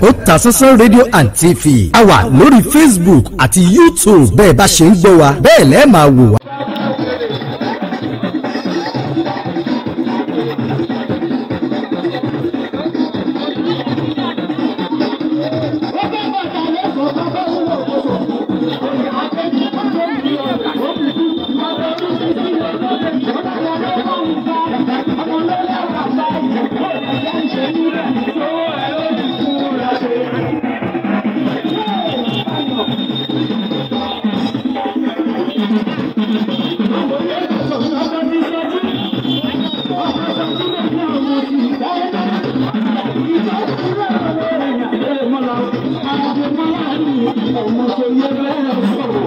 Otasansan rédíò and tv a wà lórí Facebook àti YouTube bẹ́ẹ̀ bá ṣe ń gbọ́ wa bẹ́ẹ̀ lẹ́ẹ̀ máa wò wá. àjùmọ̀ a ọmọ I'm yẹ bẹ́ẹ̀ fọ̀.